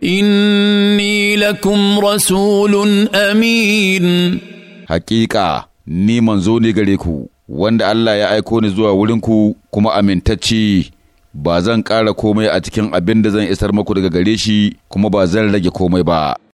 inni lakum rasulun amin hakika ni manzo ne gare ku wanda Allah ya aiko ni zuwa wurinku kuma amintacci ba zan ƙara komai a cikin abin da zan isar maku daga gare shi kuma ba zan rage komai ba